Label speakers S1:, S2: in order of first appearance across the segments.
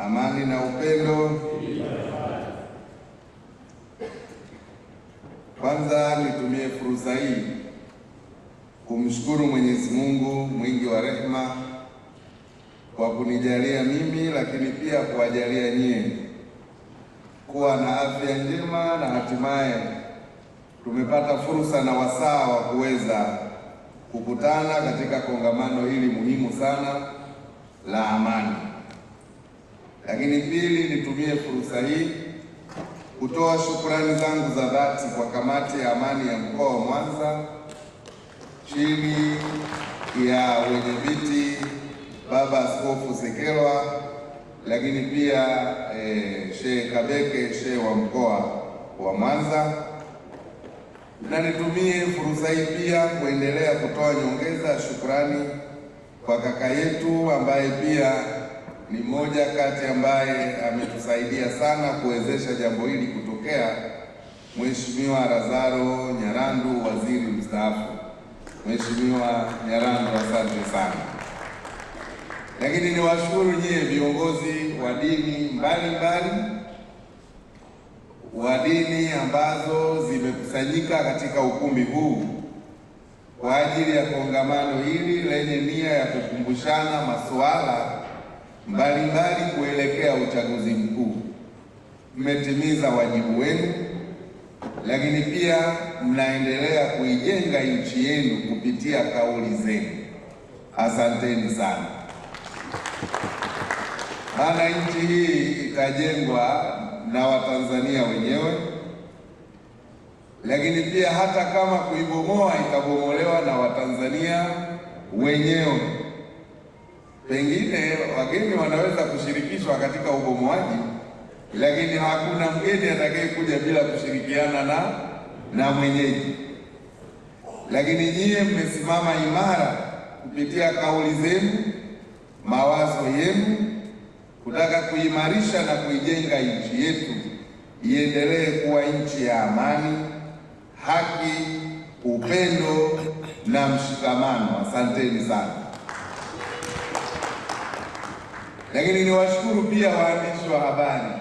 S1: amani, na upendo. Kwanza nitumie fursa hii kumshukuru Mwenyezi Mungu mwingi wa rehema kwa kunijalia mimi, lakini pia kuwajalia nyie kuwa na afya njema na hatimaye tumepata fursa na wasaa wa kuweza kukutana katika kongamano hili muhimu sana la amani. Lakini pili, nitumie fursa hii kutoa shukrani zangu za dhati kwa kamati ya amani ya mkoa wa Mwanza chini ya wenyeviti Baba Askofu Sekelwa, lakini pia e, eh, Shehe Kabeke, shehe wa mkoa wa Mwanza. Na nitumie fursa hii pia kuendelea kutoa nyongeza ya shukrani kwa kaka yetu ambaye pia ni mmoja kati ambaye ametusaidia sana kuwezesha jambo hili kutokea, Mheshimiwa Lazaro Nyarandu, waziri mstaafu. Mheshimiwa Nyarandu, asante sana. Lakini niwashukuru nyie viongozi wa dini mbalimbali wa dini ambazo zimekusanyika katika ukumbi huu kwa ajili ya kongamano hili lenye nia ya kukumbushana masuala mbalimbali kuelekea uchaguzi mkuu. Mmetimiza wajibu wenu, lakini pia mnaendelea kuijenga nchi yenu kupitia kauli zenu. Asanteni sana, maana nchi hii itajengwa na Watanzania wenyewe lakini pia hata kama kuibomoa itabomolewa na Watanzania wenyewe. Pengine wageni wanaweza kushirikishwa katika ubomoaji, lakini hakuna mgeni atakayekuja bila kushirikiana na na mwenyeji. Lakini nyie mmesimama imara kupitia kauli zenu, mawazo yenu, kutaka kuimarisha na kuijenga nchi yetu iendelee kuwa nchi ya amani haki, upendo na mshikamano. Asanteni sana. Lakini niwashukuru pia waandishi wa habari.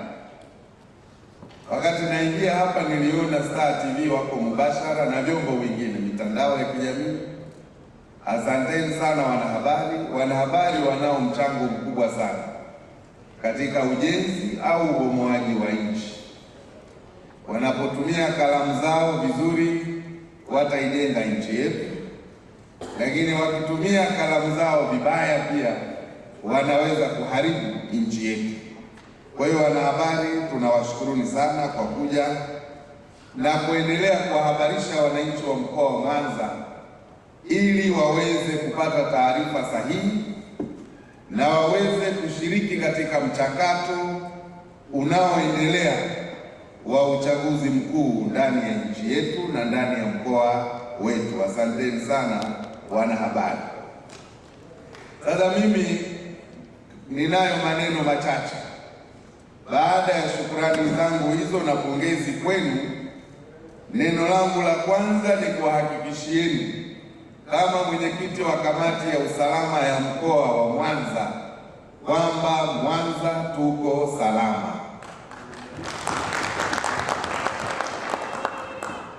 S1: Wakati naingia hapa, niliona Star TV wako mubashara na vyombo vingine, mitandao ya kijamii. Asanteni sana wanahabari. Wanahabari wanao mchango mkubwa sana katika ujenzi au ubomoaji wa nchi. Wanapotumia kalamu zao vizuri, wataijenga nchi yetu, lakini wakitumia kalamu zao vibaya, pia wanaweza kuharibu nchi yetu. Kwa hiyo, wanahabari, tunawashukuruni sana kwa kuja na kuendelea kuwahabarisha wananchi wa mkoa wa Mwanza ili waweze kupata taarifa sahihi na waweze kushiriki katika mchakato unaoendelea wa uchaguzi mkuu ndani ya nchi yetu na ndani ya mkoa wetu. Asanteni sana wanahabari. Sasa mimi ninayo maneno machache baada ya shukurani zangu hizo na pongezi kwenu. Neno langu la kwanza ni kuwahakikishieni kama mwenyekiti wa kamati ya usalama ya mkoa wa Mwanza kwamba Mwanza tuko salama.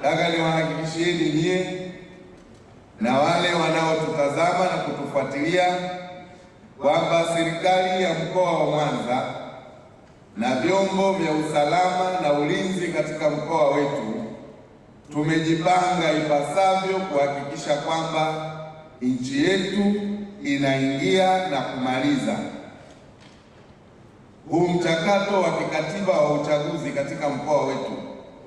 S1: Nataka niwahakikishieni nyie na wale wanaotutazama na kutufuatilia kwamba serikali ya mkoa wa Mwanza na vyombo vya usalama na ulinzi katika mkoa wetu tumejipanga ipasavyo kuhakikisha kwamba nchi yetu inaingia na kumaliza huu mchakato wa kikatiba wa uchaguzi katika mkoa wetu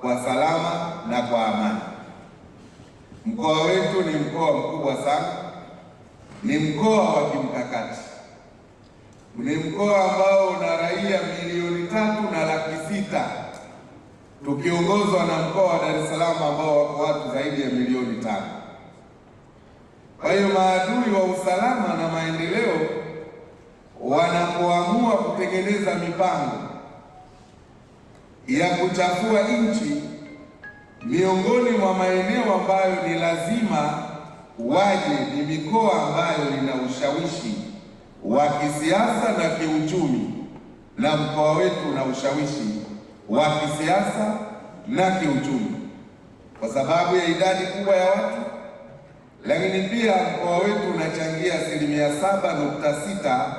S1: kwa salama na kwa amani. Mkoa wetu ni mkoa mkubwa sana, ni mkoa wa kimkakati, ni mkoa ambao una raia milioni tatu na laki sita tukiongozwa na mkoa wa Dar es Salaam ambao wako watu zaidi ya milioni tano. Kwa hiyo maadui wa usalama na maendeleo wanapoamua kutengeneza mipango ya kuchafua nchi miongoni mwa maeneo ambayo ni lazima waje ni mikoa ambayo ina ushawishi wa kisiasa na kiuchumi, na mkoa wetu una ushawishi wa kisiasa na kiuchumi kwa sababu ya idadi kubwa ya watu, lakini pia mkoa wetu unachangia asilimia saba nukta sita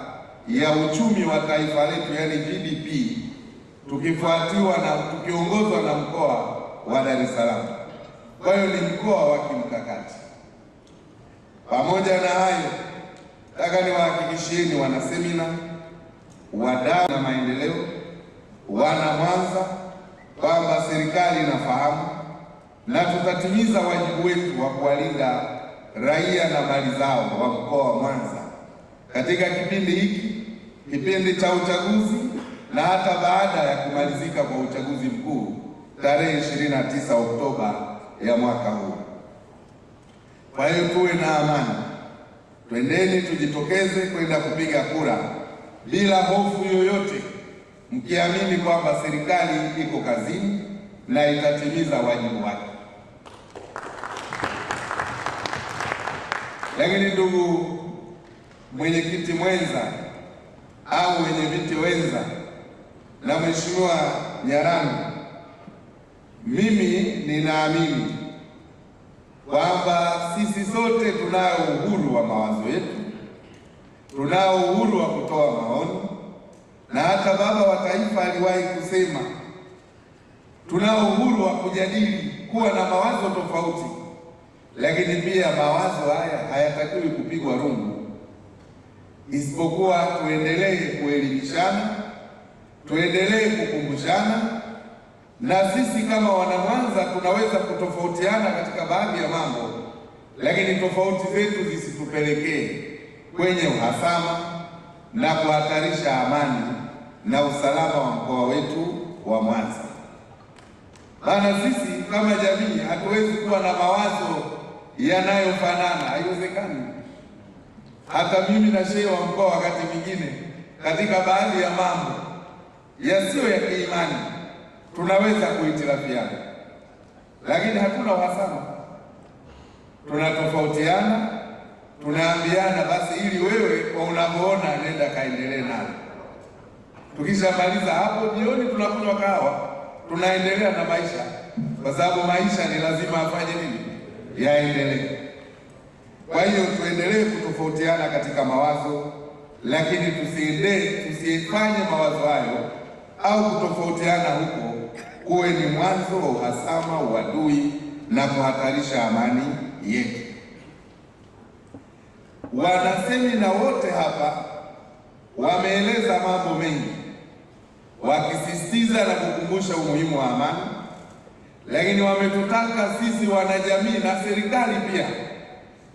S1: ya uchumi wa taifa letu, yani GDP tukifuatiwa na tukiongozwa na mkoa wa Dar es Salaam. Kwa hiyo ni mkoa wa kimkakati. Pamoja na hayo, nataka niwahakikishieni wana semina, wadau na maendeleo, wana Mwanza kwamba serikali inafahamu na tutatimiza wajibu wetu wa kuwalinda raia na mali zao wa mkoa wa Mwanza katika kipindi hiki, kipindi cha uchaguzi na hata baada ya kumalizika kwa uchaguzi mkuu tarehe 29 Oktoba ya mwaka huu. Kwa hiyo tuwe na amani, twendeni tujitokeze kwenda kupiga kura bila hofu yoyote, mkiamini kwamba serikali iko kazini na itatimiza wajibu wake. Lakini ndugu mwenyekiti mwenza au wenye viti wenza na Mheshimiwa Nyarano, mimi ninaamini kwamba sisi sote tunao uhuru wa mawazo yetu, tunao uhuru wa kutoa maoni, na hata baba wa taifa aliwahi kusema tunao uhuru wa kujadili, kuwa na mawazo tofauti, lakini pia mawazo haya hayatakiwi kupigwa rungu, isipokuwa tuendelee kuelimishana tuendelee kukumbushana, na sisi kama mwanza tunaweza kutofautiana katika baadhi ya mambo, lakini tofauti zetu zisitupelekee kwenye uhasama na kuhatarisha amani na usalama wa mkoa wetu wa Mwanza. Maana sisi kama jamii hatuwezi kuwa na mawazo yanayofanana, haiwezekani. Hata mimi na shehe wa mkoa wakati mwingine katika baadhi ya mambo yasiyo ya kiimani tunaweza kuhitilafiana, lakini hatuna uhasama. Tunatofautiana, tunaambiana basi, ili wewe kwa unavyoona, nenda kaendelee tukisha Tukishamaliza hapo, jioni tunakunywa kahawa, tunaendelea na maisha, kwa sababu maisha ni lazima afanye nini, yaendelee. Kwa hiyo tuendelee kutofautiana katika mawazo, lakini tusiende tusifanye mawazo hayo au kutofautiana huko kuwe ni mwanzo wa uhasama, uadui na kuhatarisha amani yetu. Wanasemina wote hapa wameeleza mambo mengi wakisisitiza na kukumbusha umuhimu wa amani, lakini wametutaka sisi wanajamii na serikali pia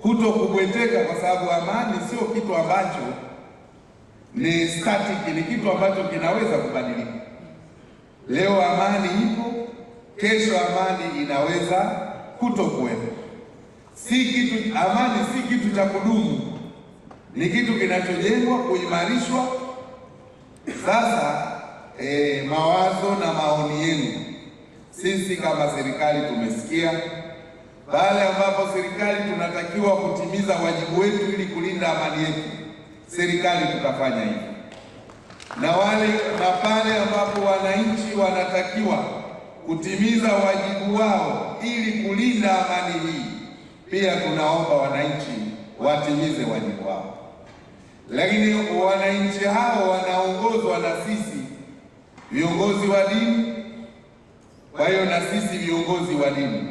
S1: kuto kubweteka, kwa sababu amani sio kitu ambacho ni static, ni kitu ambacho kinaweza kubadilika. Leo amani ipo, kesho amani inaweza kutokuwepo. Si kitu, amani si kitu cha kudumu, ni kitu kinachojengwa, kuimarishwa. Sasa e, mawazo na maoni yenu, sisi kama serikali tumesikia pale ambapo serikali tunatakiwa kutimiza wajibu wetu ili kulinda amani yetu serikali tutafanya hivyo, na wale na pale ambapo wananchi wanatakiwa kutimiza wajibu wao ili kulinda amani hii, pia tunaomba wananchi watimize wajibu wao, lakini wananchi hao wanaongozwa na sisi viongozi wa dini. Kwa hiyo na sisi viongozi wa dini,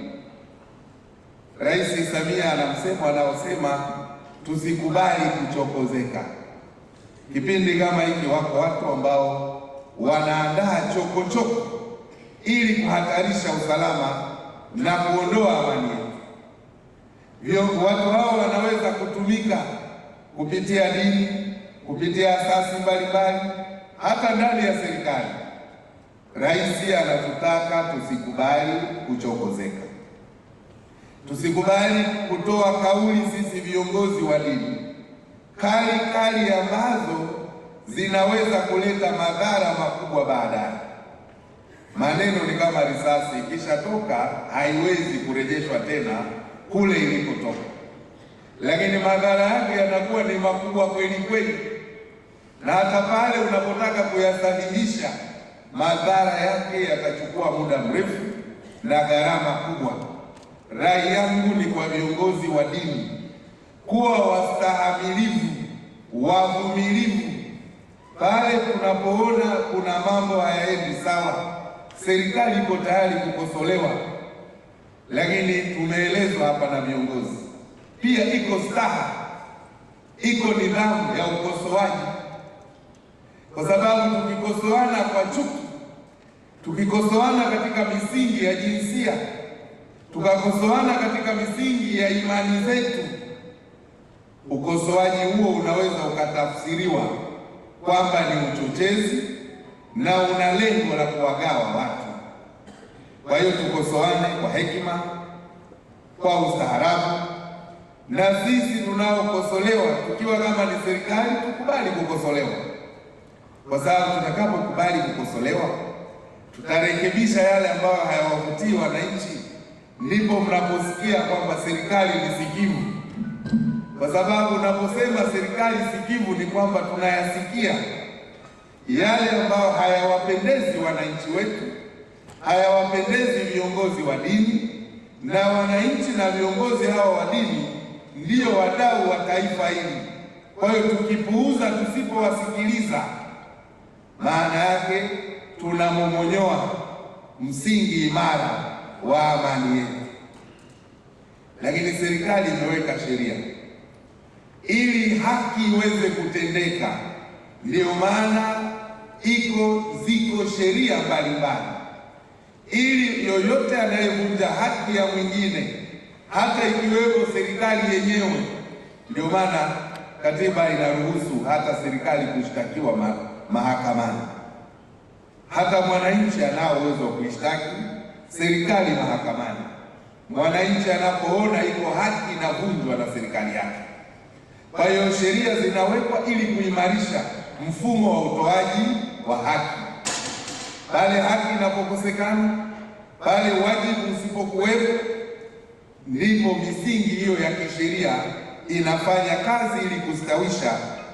S1: Rais Samia anamsema anaosema tusikubali kuchokozeka. Kipindi kama hiki, wako watu ambao wanaandaa chokochoko ili kuhatarisha usalama na kuondoa amani yetu. Watu hao wanaweza kutumika kupitia dini, kupitia asasi mbalimbali, hata ndani ya serikali. Rais anatutaka tusikubali kuchokozeka. Tusikubali kutoa kauli sisi viongozi wa dini kali kali ambazo zinaweza kuleta madhara makubwa baadaye. Maneno ni kama risasi, ikishatoka haiwezi kurejeshwa tena kule ilipotoka lakini madhara yake yanakuwa ni makubwa kweli kweli, na hata pale unapotaka kuyasahihisha madhara yake yatachukua muda mrefu na gharama kubwa. Rai yangu ni kwa viongozi wa dini kuwa wastahamilivu, wavumilivu pale tunapoona kuna mambo hayaendi sawa. Serikali iko tayari kukosolewa, lakini tumeelezwa hapa na viongozi pia, iko staha, iko nidhamu ya ukosoaji, kwa sababu tukikosoana kwa chuki, tukikosoana katika misingi ya jinsia tukakosoana katika misingi ya imani zetu, ukosoaji huo unaweza ukatafsiriwa kwamba ni uchochezi na una lengo la kuwagawa watu. Kwa hiyo tukosoane kwa hekima, kwa ustaarabu, na sisi tunaokosolewa tukiwa kama ni serikali tukubali kukosolewa, kwa sababu tutakapokubali kukosolewa tutarekebisha yale ambayo hayawavutii wananchi ndipo mnaposikia kwamba serikali ni sikivu, kwa sababu unaposema serikali sikivu ni kwamba tunayasikia yale ambayo hayawapendezi wananchi wetu, hayawapendezi viongozi wa dini, na wananchi na viongozi hao wa dini ndiyo wadau wa taifa hili. Kwa hiyo tukipuuza, tusipowasikiliza, maana yake tunamomonyoa msingi imara wa amani yetu, lakini serikali imeweka sheria ili haki iweze kutendeka. Ndiyo maana iko ziko sheria mbalimbali, ili yoyote anayevunja haki ya mwingine, hata ikiwepo serikali yenyewe. Ndiyo maana katiba inaruhusu hata serikali kushtakiwa mahakamani, hata mwananchi anao uwezo wa kuishtaki serikali mahakamani. Mwananchi anapoona iko haki inavunjwa na serikali yake. Kwa hiyo sheria zinawekwa ili kuimarisha mfumo wa utoaji wa haki. Pale haki inapokosekana, pale wajibu usipokuwepo, ndipo misingi hiyo ya kisheria inafanya kazi ili kustawisha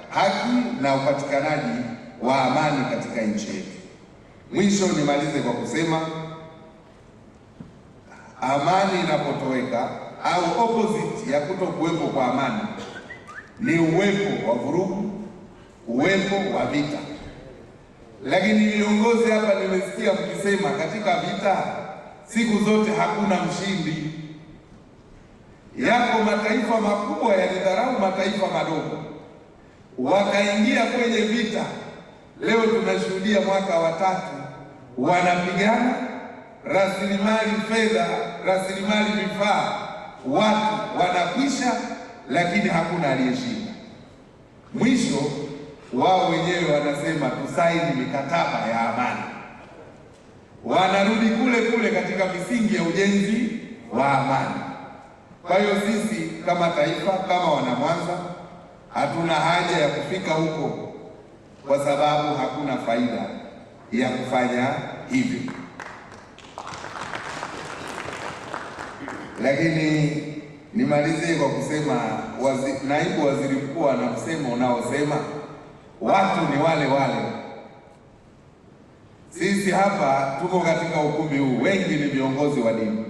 S1: haki na upatikanaji wa amani katika nchi yetu. Mwisho nimalize kwa kusema amani inapotoweka au opposite ya kutokuwepo kwa amani ni uwepo wa vurugu, uwepo wa vita. Lakini viongozi hapa nimesikia mkisema katika vita siku zote hakuna mshindi. Yako mataifa makubwa yalidharau mataifa madogo, wakaingia kwenye vita. Leo tunashuhudia mwaka wa tatu wanapigana rasilimali fedha, rasilimali vifaa, watu wanakwisha, lakini hakuna aliyeshinda. Mwisho wao wenyewe wanasema tusaini mikataba ya amani, wanarudi kule kule katika misingi ya ujenzi wa amani. Kwa hiyo sisi kama taifa, kama wanamwanza, hatuna haja ya kufika huko, kwa sababu hakuna faida ya kufanya hivyo. Lakini nimalizie kwa kusema wazi, naibu waziri mkuu ana msemo unaosema watu ni wale wale. Sisi hapa tuko katika ukumbi huu, wengi ni viongozi wa dini,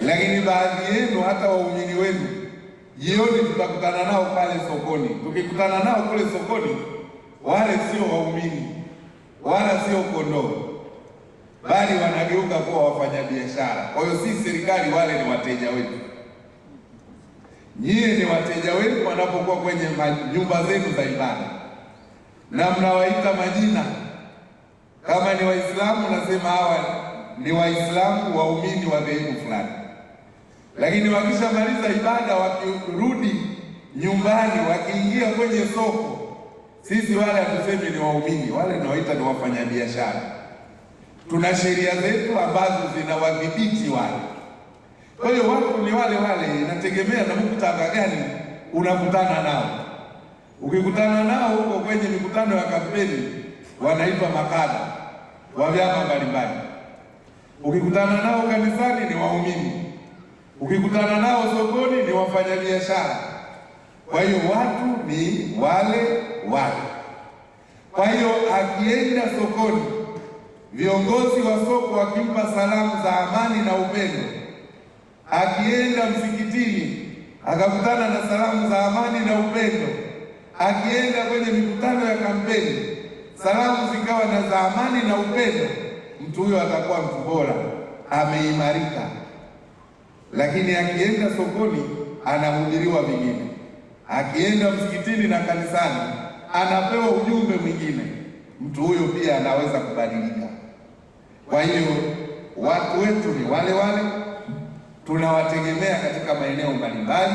S1: lakini baadhi yenu hata waumini wenu, jioni tutakutana nao pale sokoni. Tukikutana nao kule sokoni, wale sio waumini wala sio kondoo bali wanageuka kuwa wafanyabiashara. Kwa hiyo si serikali, wale ni wateja wetu. Nyie ni wateja wetu wanapokuwa kwenye nyumba zenu za ibada, na mnawaita majina. Kama ni Waislamu nasema hawa ni Waislamu waumini wa dhehebu fulani, lakini wakishamaliza ibada, wakirudi nyumbani, wakiingia kwenye soko, sisi wale hatusemi ni waumini, wale nawaita ni wafanyabiashara tuna sheria zetu ambazo zinawadhibiti wale. Kwa hiyo watu ni wale wale, inategemea na mkutano gani unakutana nao. Ukikutana nao huko kwenye mikutano ya kampeni, wanaitwa makada wa vyama mbalimbali. Ukikutana nao kanisani, ni waumini. Ukikutana nao sokoni, ni wafanyabiashara. Kwa hiyo watu ni wale wale. Kwa hiyo akienda sokoni viongozi wa soko wakimpa salamu za amani na upendo. Akienda msikitini akakutana na salamu za amani na upendo. Akienda kwenye mikutano ya kampeni, salamu zikawa na za amani na upendo, mtu huyo atakuwa mtu bora, ameimarika. Lakini akienda sokoni anahubiriwa vingine, akienda msikitini na kanisani anapewa ujumbe mwingine, mtu huyo pia anaweza kubadilika. Kwa hiyo watu wetu ni wale wale, tunawategemea katika maeneo mbalimbali,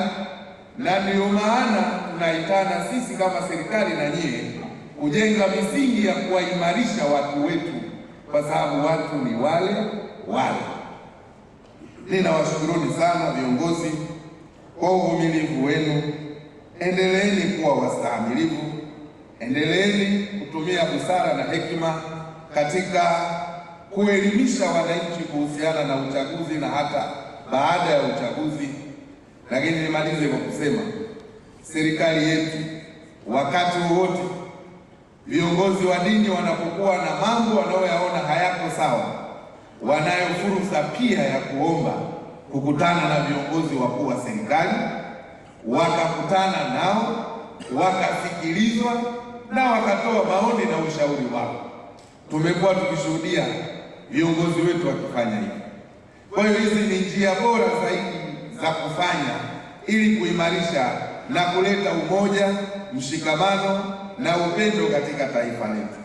S1: na ndiyo maana tunaitana sisi kama serikali na nyie kujenga misingi ya kuwaimarisha watu wetu, kwa sababu watu ni wale wale. Ninawashukuruni sana viongozi kwa uvumilivu wenu. Endeleeni kuwa wastahimilivu, endeleeni kutumia busara na hekima katika kuelimisha wananchi kuhusiana na uchaguzi na hata baada ya uchaguzi. Lakini nimalize kwa kusema serikali yetu, wakati wowote viongozi wa dini wanapokuwa na mambo wanayoyaona hayako sawa, wanayo fursa pia ya kuomba kukutana na viongozi wakuu wa serikali, wakakutana nao, wakasikilizwa na wakatoa maoni na ushauri wao. Tumekuwa tukishuhudia viongozi wetu wakifanya hivi. Kwa hiyo hizi ni njia bora zaidi za kufanya ili kuimarisha na kuleta umoja, mshikamano na upendo katika taifa letu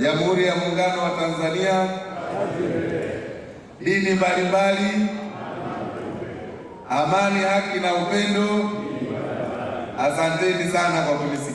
S1: Jamhuri ya Muungano wa Tanzania. Dini mbalimbali, amani, haki na upendo. Asanteni sana kwa kuni